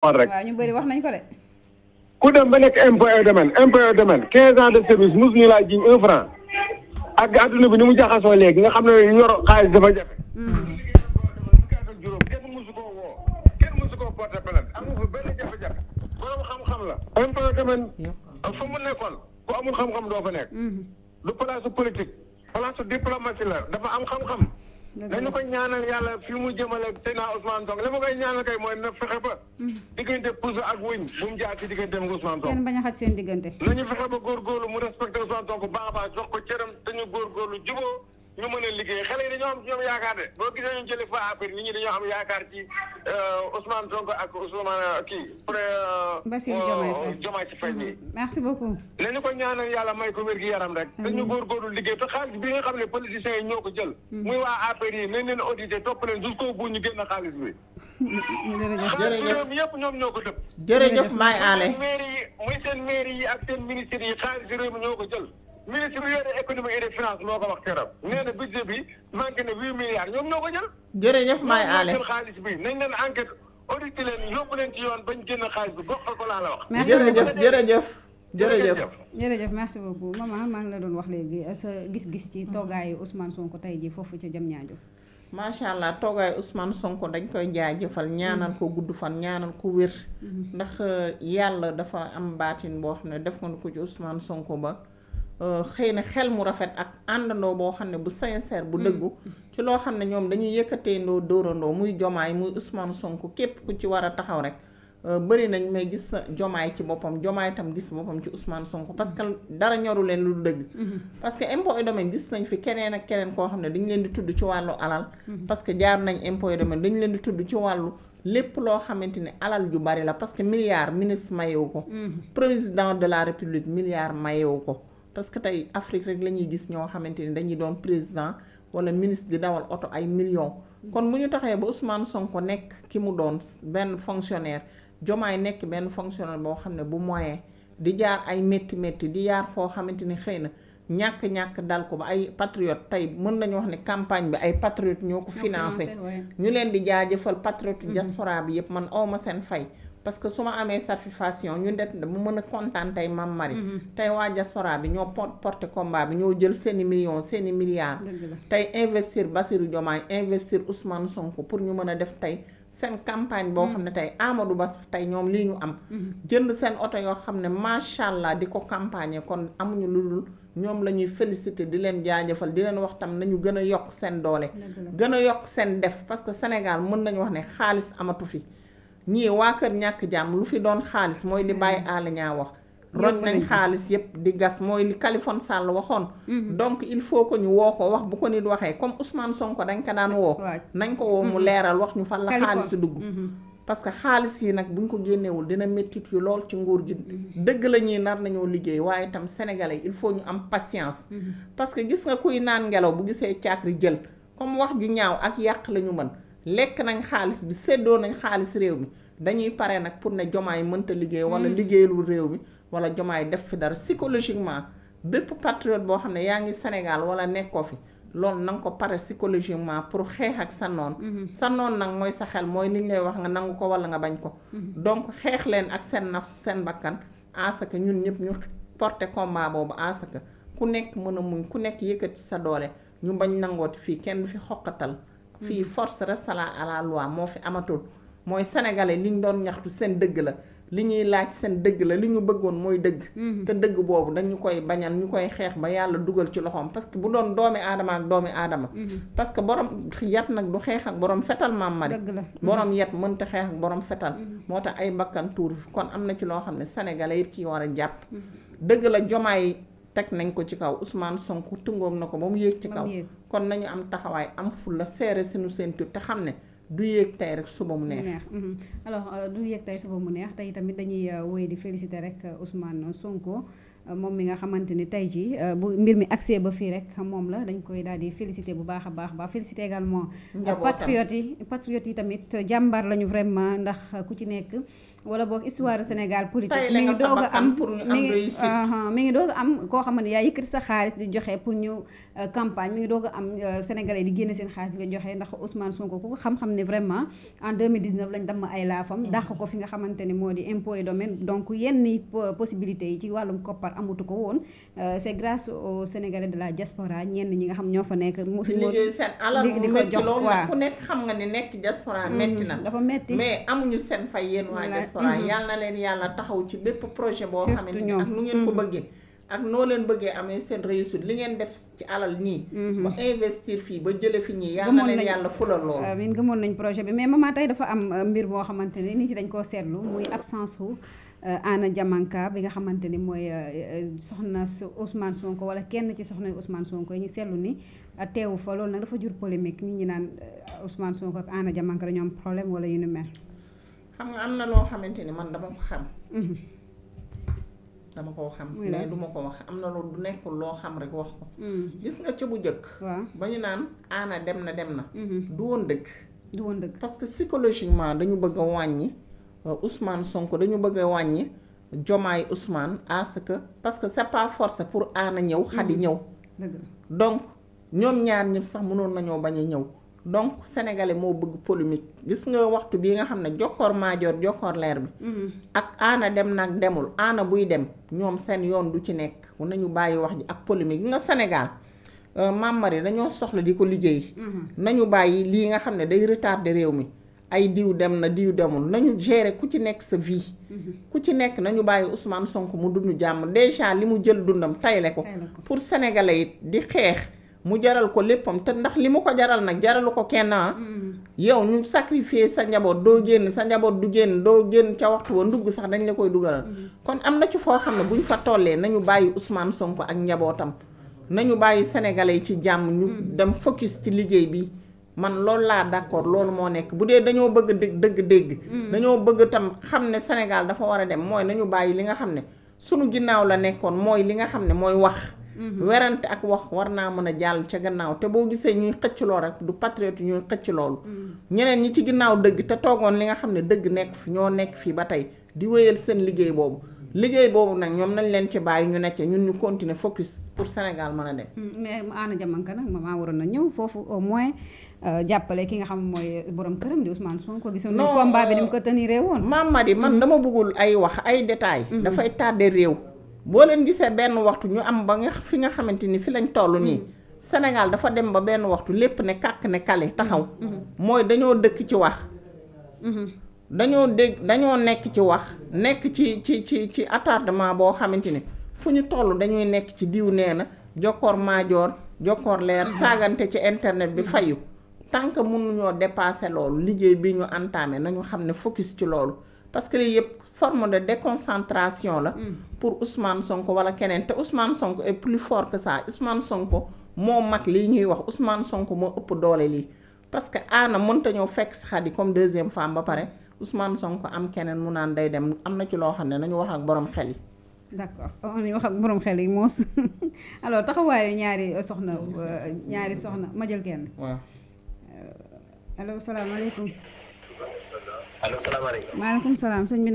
rek waaw ñu bëri wax nañ ko de. ku dem ba nekk impôt et domaine impôt et domaine quinze de service mosuñu laa jiñ un ak adduna bi ni mu jaxasoo léegi nga xam ne yor xaalis dafa jafe. Hmm. kenn mosu koo woo kenn mosu koo porté plainte amul fa benn jafe-jafe borom xam-xam la impôt et a fa mu nekkoon ku amul xam-xam doo fa nekk. Hmm. du place politique place diplomatie la dafa am xam-xam. nañu ko ñaanal yàlla fi mu jëmale te naa Ousmane Sonko li ma koy ñaanal kay mooy na fexe ba. Mhm. diggante puso ak wëñ bu mu jaar ci diggante ak Ousmane Sonko. kenn bañ a xat seen diggante. nañu fexe ba góorgóorlu mu respecté Ousmane Sonko baax a baax jox ko cëram dañu góorgóorlu jubóo. ñu mën a liggéey xale yi dañoo am ñoom yaakaar de boo gisee ñu jëlee fa affaire nit ñi dañoo am yaakaar ci euh, Ousmane Sonko ak Ousmane euh, kii. Euh, Bassirou Diomaye Faye Diomaye ci mi. Mm-hmm. merci beaucoup. nañu ko ñaanal yàlla may ko wér gi yaram rek. dañu mm-hmm. góorgóorlu liggéey te xaalis bi nga xam ne politiciens yi ñoo ko jël. Mm-hmm. muy waa affaire yi nañ leen audité topp leen jusqu'au bout ñu génn xaalis bi. jërëjëf jërëjëf yëpp ñoom ñoo ko dëpp. jërëjëf may aale. muy seen mairie yi ak seen ministère yi xaalis ñoo ko jël ministre bi yore économie et des moo ko wax keroog nee na budget bi manqué na huit milliards ñoom ñoo ko jël. jërëjëf may aale ñoo xaalis bi nañ leen enquête audité leen yóbbu leen ci yoon bañ génn xaalis bi bokkal ko laa la wax. merci jërëjëf jërëjëf. jërëjëf maa ngi la doon wax léegi sa gis-gis ci hmm. toogaayu Ousmane Sonko tey jii foofu ca jam ñaajo macha allah toogaay Ousmane Sonko dañ koy jëfal ñaanal hmm. ko gudd fan ñaanal ko wér. Hmm. ndax euh, yàlla dafa am baatin boo xam ne def nga ko ci Ousmane Sonko ba. Euh, xëy na xel mu rafet ak àndandoo boo xam ne bu sincère bu mm. dëggu ci loo xam ne ñoom dañuy yëkkateendoo doorandoo muy jomaay muy Ousmane sonk képp ku ci war a taxaw rek euh, bëri nañ may gis sa jomaay ci boppam jomaay tam gis boppam ci Ousmane sonk parce que dara ñoru leen lu dëgg mm-hmm. parce que impôt et domaine gis nañ fi keneen ak keneen koo xam ne dañ leen di tudd ci wàllu alal mm-hmm. parce que jaar nañ impôt et domaine leen di tudd ci wàllu lépp loo xamante ni alal ju bari la parce que milliard ministre mayewu ko mm-hmm. président de la république milliard mayewu ko parce que tey Afrique rek la ñuy gis ñoo xamante ni dañuy doon président wala ministre di dawal oto ay millions. kon mu ñu taxee ba Ousmane Sonko nekk ki mu doon benn fonctionnaire Jomaay nekk benn fonctionnaire boo xam ne bu moyen di jaar ay métti di jaar foo xamante ni xëy na. ñàkk-ñàkk dal ko ba ay patriote tey mën nañu wax ne campagne bi ay patriote ñoo ko financé ñu leen di jaajëfal patriote mm-hmm. diaspora bi yëpp man awma seen fay parce que su ma amee satisfaction ñun det mu mën a kontaan tey Mame Marie mm-hmm. tey waa diaspora bi ñoo porté combat bi ñoo jël seeni millions seeni milliards tey investir basiru Diomaye investir Ousmane Sonko pour ñu mën a def tey seen campagne boo mm-hmm. xam ne tey Amadou Ba tey ñoom lii ñu am mm-hmm. jënd seen oto yoo xam ne macha allah di ko campagne kon amuñu lu dul ñoom la ñuy féliciter di leen jaajëfal di leen wax tam nañu gën a yokk seen doole gën a yokk seen def parce que Sénégal mën nañu wax ne xaalis amatu fi ñii waa kër ñàkk jàmm lu fi doon xaalis mooy li bàyyi aala ñaa wax roj nañ xaalis yépp di gas mooy li Kalifone Sall waxoon mm-hmm. donc il faut que ñu woo ko wax bu ko nit waxee comme Ousmane Sonko dañ ko daan woo nañ ko woo mu mm-hmm. leeral wax ñu fan la xaalis dugg mm-hmm. parce que xaalis yi nag bu ñu ko génnewul dina méttit yu lool ci nguur gi dëgg la ñuy nar nañoo liggéey waaye itam sénégalais il faut ñu am patience parce que gis nga kuy naan ngelaw bu gisee caakri jël comme wax ju ñaaw ak yàq la ñu mën lekk nañ xaalis bi séddoo nañ xaalis réew mi dañuy pare nag pour ne jomaa jomaay mënta liggéey wala hmm. liggéeyalul réew mi wala yi def fi dara psychologiquement bépp patriote boo xam ne yaa ngi Sénégal wala nekkoo fi loolu na ko pare psychologiquement pour xeex ak sa noon hmm. sa noon nag mooy sa xel mooy li ngay wax nga nangu ko wala nga bañ ko hmm. donc xeex leen ak seen naf seen bakkan asaka ñun ñëpp ñu porter combat boobu asaka ku nekk mën a muñ ku nekk yëkkati sa doole ñu bañ nangooti fii kenn du fi xoqatal fii mm-hmm. force restera à la loi moo fi amatul mooy sénégalais li ñu doon ñaxtu seen dëgg la li ñuy laaj seen dëgg la li ñu bëggoon mooy dëgg mm-hmm. te dëgg boobu dañu koy bañal ñu koy xeex ba yàlla dugal ci loxoom parce que bu doon doomi aadama doomi aadama mm-hmm. parce que borom yat nag du xeex ak borom fetal maam mari borom yat mënta xeex ak borom fetal moo tax ay bakkan tuur kon am na ci loo xam ne sénégalais yëpp ci war a jàpp dëgg la jomaay teg nañ ko ci kaw Ousmane Sonko tungoom na ko ba mu yéeg ci kaw kon nañu am taxawaay am fulla seere sunu ceinture te xam ne du yéeg tey rek suba mu neex. Mhm. alors euh, du yéeg tey suba mu neex tey tamit dañuy euh, wéy di féliciter rek euh, Ousmane Sonko. moom mi nga xamante ni tey euh, bu mbir mi accès ba fii rek moom la dañ koy daal di féliciter bu baax a baax ba féliciter également euh, patriotes yi patriotes yi tamit jàmbaar lañu vraiment ndax ku ci nekk wala boog histoire Sénégal politique uh-huh, mi ngi doog a am mi ngi mi a koo xam ne yaa yëkkati sa di joxe pour ñu euh, campagne mi ngi doog am sénégalais di génne seen xaalis di ko joxe ndax Ousmane Sonko ku ko xam-xam ne vraiment en 2019 lañ damm ay laafam mm. dàq ko fi nga xamante moo di impôt et domaine donc yenn possibilités yi ci wàllum amatu ko woon euh, c'est grâce aux Sénégalais de la diaspora ñenn ñi nga xam ñoo fa nekk mosuñ liggéey seen alal di ko jox waaw ku nekk xam nga ne nekk diaspora mm, metti na dafa metti mais amuñu seen fay yéen waa diaspora mm-hmm. yàlla leen yàlla taxaw ci bépp projet boo xamante ni ak nu ngeen ko mm-hmm. bëggee ak noo leen bëggee amee seen réussite li ngeen def ci alal nii. Mm-hmm. ba investir fii ba jële fi ñii. yàlla na leen yàlla fulal lool. amiin gëmoon projet bi mais maman tey dafa am euh, mbir boo xamante ne nit ñi dañ koo seetlu muy absence su. Euh, Anna Diamanka bi nga xamante ni mooy euh, euh, soxna Ousmane Sonko wala kenn ci soxna Ousmane Sonko yi ñu seetlu ni teewu fa loolu nag dafa jur polémique nit ñi naan Ousmane Sonko ak Anna am problème wala yu ni mel. xam nga am na loo xamante ni man dama ko xam. Mhm. dama koo xam. mais du ko wax am na lu du loo xam rek wax ko. Mm. gis bu njëkk. waaw ba ñu naan Anna dem na dem na. Mhm. du woon dëgg. du woon dëgg parce que psychologiquement dañu bëgg a wàññi. Euh, Ousmane sonk dañu bëgg wàññi Jomaay Ousmane à ce que parce que c'est pas force pour aana ñëw xadi mm-hmm. ñëw. donc ñoom ñaar ñëpp sax mënoon nañoo bañ a ñëw. donc sénégalais moo bëgg polémique gis nga waxtu bii nga xam ne jokkoor maajoor jokkoor leer bi. Mm-hmm. ak aana dem nag demul aana buy dem ñoom seen yoon du ci nekk nañu bàyyi wax ji ak polémique nga Sénégal. Euh, Mame yi dañoo soxla di ko liggéey. Mm-hmm. nañu bàyyi lii nga xam ne day de réew mi. ay diw dem na diw demul nañu gérer ku ci nekk sa vie. Mhm. ku ci nekk nañu bàyyi Ousmane Sonko mu dund jàmm déjà li mu jël dundam tayle ko. pour sénégalais yi di xeex mu jaral ko léppam te ndax li mu ko jaral nag jaralu ko kenn ah. Mhm. yow ñu sacrifier sa njaboot doo génn sa njaboot du génn doo génn ca wa ndugg sax dañ la koy dugalal. Mhm. kon am na ci foo xam ne bu ñu fa tollee nañu bàyyi Ousmane Sonko ak njabootam nañu bàyyi sénégalais yi ci jàmm. ñu dem focus ci liggéey bi. man loolu laa d'accord loolu moo nekk bu dee dañoo bëgg dëgg dëgg dégg hmm. dañoo bëgg tam xam ne Sénégal dafa war a dem mooy nañu bàyyi li nga xam ne suñu ginnaaw la nekkoon mooy li nga xam ne mooy wax hmm. werante ak wax war naa mën a jàll ca gannaaw te boo gisee ñuy xëcc lool rek du patriote ñuy xëcc loolu hmm. ñeneen ñi ci ginnaaw dëgg te toogoon li nga xam ne dëgg nekk fi ñoo nekk fii ba tey di wéyal seen liggéey boobu liggéey boobu nag ñoom nañ leen ci bàyyi ñu necce ñun ñu continuer focus pour Sénégal mën a dem. Mm, mais Anna Diamanka nag maman waroon na ñëw foofu au moins euh, jàppale ki nga xam mooy borom këram di Ousmane Sonko gisoon. non combat bi ni mu ko tëniree woon. maam Madi man mm. dama bëggul ay wax ay détails. Mm-hmm. dafay tardé réew. boo leen gisee benn waxtu ñu am ba nga fi nga xamante ni fi lañ toll nii. Mm-hmm. Sénégal dafa dem ba benn waxtu lépp ne kàkk ne kale taxaw. Mm-hmm. mooy dañoo dëkk ci wax. dañoo dégg dañoo nekk ci wax nekk ci ci ci ci attardement boo xamante ni fu ñu toll dañuy nekk ci diw nee na jokkoor maajoor jokkoor leer mhm. saagante ci internet bi mhm. fayu tant que mënuñoo dépasser loolu liggéey bi ñu entamé nañu xam ne focus ci loolu parce que lii yëpp forme de déconcentration la mhm. pour Ousmane Sonko wala keneen te Ousmane Sonko est plus fort que ça Ousmane Sonko moo mag lii ñuy wax Ousmane Sonko moo ëpp doole lii parce que aana mënta ñoo fekk si Khady comm deuxième femme ba pare Ousmane Sonko am keneen mu naan day dem am na ci loo xam ne nañu wax ak borom xel yi. d'accord nañu wax ak borom xel yi moos alors taxawaayu ñaari soxna euh, ñaari soxna ma jël kenn. waaw. Euh, allo salaamaaleykum. allo salaamaaleykum. maaleykum salaam sëñ bi.